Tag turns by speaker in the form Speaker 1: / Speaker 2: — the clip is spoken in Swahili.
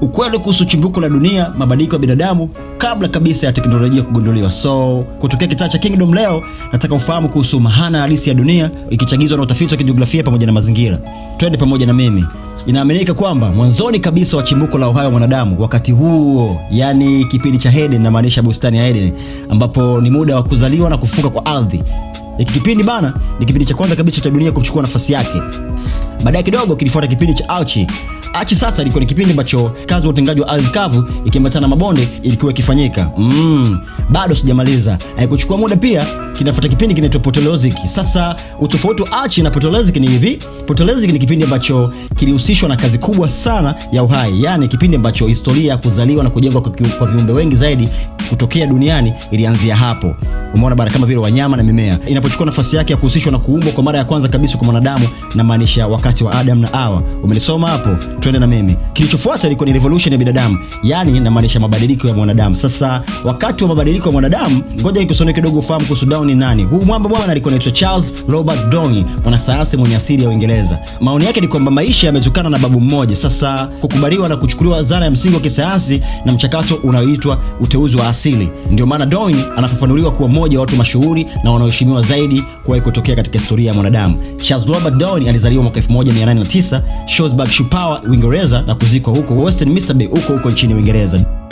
Speaker 1: ukweli kuhusu chimbuko la dunia, mabadiliko ya binadamu kabla kabisa ya teknolojia kugunduliwa. So kutokea kitaa cha Kingdom leo, nataka ufahamu kuhusu maana halisi ya dunia ikichagizwa na utafiti wa kijiografia pamoja na mazingira. Twende pamoja na mimi. Inaaminika kwamba mwanzoni kabisa wa chimbuko la uhai wa mwanadamu, wakati huo, yani kipindi cha Eden, na maanisha bustani ya Eden, ambapo ni muda wa kuzaliwa na kufuka kwa ardhi. Hiki kipindi bana, ni kipindi cha kwanza kabisa cha dunia kuchukua nafasi yake. Baadaye kidogo kilifuata kipindi cha Alchi. Alchi sasa ilikuwa ni kipindi ambacho kazi ya utengaji wa ardhi kavu ikiambatana na mabonde ilikuwa ikifanyika. Mm, bado sijamaliza. Haikuchukua eh, muda pia kinafuata kipindi kinaitwa Potolozik. Sasa utofauti wa Alchi na Potolozik ni hivi. Potolozik ni kipindi ambacho kilihusishwa na kazi kubwa sana ya uhai. Yaani kipindi ambacho historia ya kuzaliwa na kujengwa kwa viumbe wengi zaidi kutokea duniani ilianzia hapo umeona bana, kama vile wanyama na mimea, inapochukua nafasi yake ya kuhusishwa na kuumbwa kwa mara ya kwanza kabisa kwa mwanadamu, na maanisha wakati wa Adam na Hawa. Umenisoma hapo, twende na mimi. Kilichofuata ilikuwa ni revolution ya binadamu, yani na maanisha mabadiliko ya mwanadamu. Sasa wakati wa mabadiliko ya mwanadamu, ngoja nikusomee kidogo ufahamu kuhusu Darwin ni nani. Huu mwamba bwana alikuwa anaitwa Charles Robert Darwin, mwanasayansi mwenye asili ya Uingereza. Maoni yake ni kwamba maisha yametokana na babu mmoja. Sasa kukubaliwa na kuchukuliwa zana ya msingi wa kisayansi na mchakato unaoitwa uteuzi wa asili, ndio maana Darwin anafafanuliwa kuwa mmoja wa watu mashuhuri na wanaoheshimiwa zaidi kuwahi kutokea katika historia ya mwanadamu. Charles Robert Darwin alizaliwa mwaka 1809 Shrewsbury, Shupawa, Uingereza na kuzikwa huko Westminster Abbey huko huko nchini Uingereza.